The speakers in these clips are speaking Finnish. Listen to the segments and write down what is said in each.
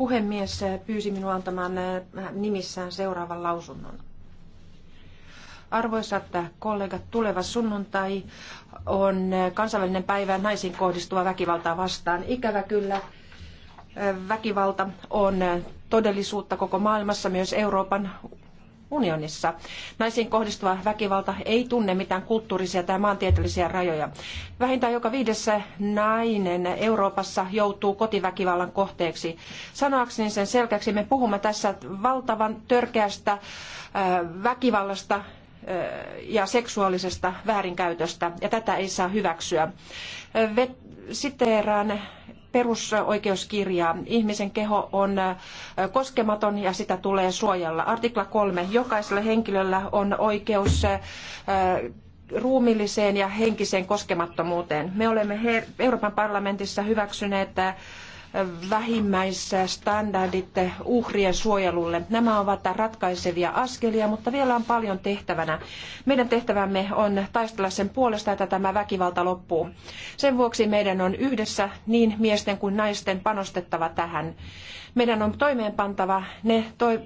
Puhemies pyysi minua antamaan äh, nimissään seuraavan lausunnon. Arvoisat äh, kollegat, tuleva sunnuntai on äh, kansainvälinen päivä naisiin kohdistuva väkivaltaa vastaan. Ikävä kyllä väkivalta on todellisuutta koko maailmassa, myös Euroopan unionissa. Naisiin kohdistuva väkivalta ei tunne mitään kulttuurisia tai maantieteellisiä rajoja. Vähintään joka viidessä nainen Euroopassa joutuu kotiväkivallan kohteeksi. Sanoakseni sen selkeäksi, me puhumme tässä valtavan törkeästä väkivallasta ja seksuaalisesta väärinkäytöstä, ja tätä ei saa hyväksyä. Siteeraan perusoikeuskirjaa. Ihmisen keho on äh, koskematon ja sitä tulee suojella. Artikla 3. Jokaisella henkilöllä on oikeus äh, ruumiilliseen ja henkiseen koskemattomuuteen. Me olemme Euroopan parlamentissa hyväksyneet äh, vähimmäisstandardit uhrien suojelulle. Nämä ovat ratkaisevia askelia, mutta vielä on paljon tehtävänä. Meidän tehtävämme on taistella sen puolesta, että tämä väkivalta loppuu. Sen vuoksi meidän on yhdessä niin miesten kuin naisten panostettava tähän. Meidän on toimeenpantava ne toi-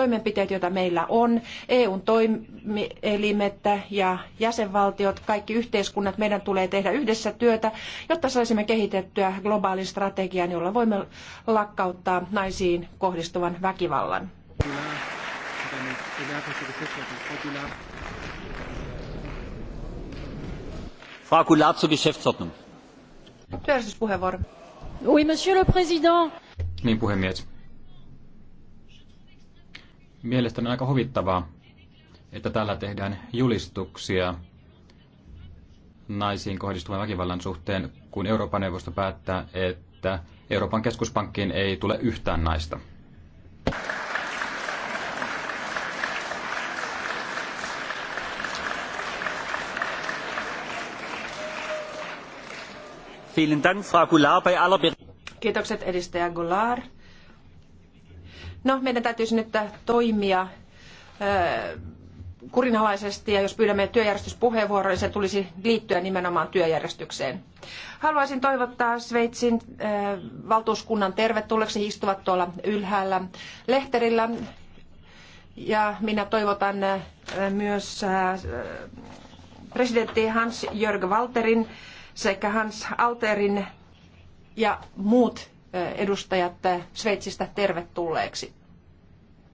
toimenpiteet, joita meillä on, EUn toimielimet ja jäsenvaltiot, kaikki yhteiskunnat, meidän tulee tehdä yhdessä työtä, jotta saisimme kehitettyä globaalin strategian, jolla voimme lakkauttaa naisiin kohdistuvan väkivallan. Frau Goulart zur Geschäftsordnung. Oui, monsieur le président. Niin puhemies. Mielestäni on aika huvittavaa, että täällä tehdään julistuksia naisiin kohdistuvan väkivallan suhteen, kun Euroopan neuvosto päättää, että Euroopan keskuspankkiin ei tule yhtään naista. Kiitokset edistäjä Goulart. No, meidän täytyisi nyt äh, toimia äh, kurinalaisesti ja jos pyydämme työjärjestyspuheenvuoroa, niin se tulisi liittyä nimenomaan työjärjestykseen. Haluaisin toivottaa Sveitsin äh, valtuuskunnan tervetulleeksi. He istuvat tuolla ylhäällä lehterillä. Ja minä toivotan myös presidentti Hans-Jörg Walterin sekä Hans Alterin ja muut edustajat Sveitsistä tervetulleeksi.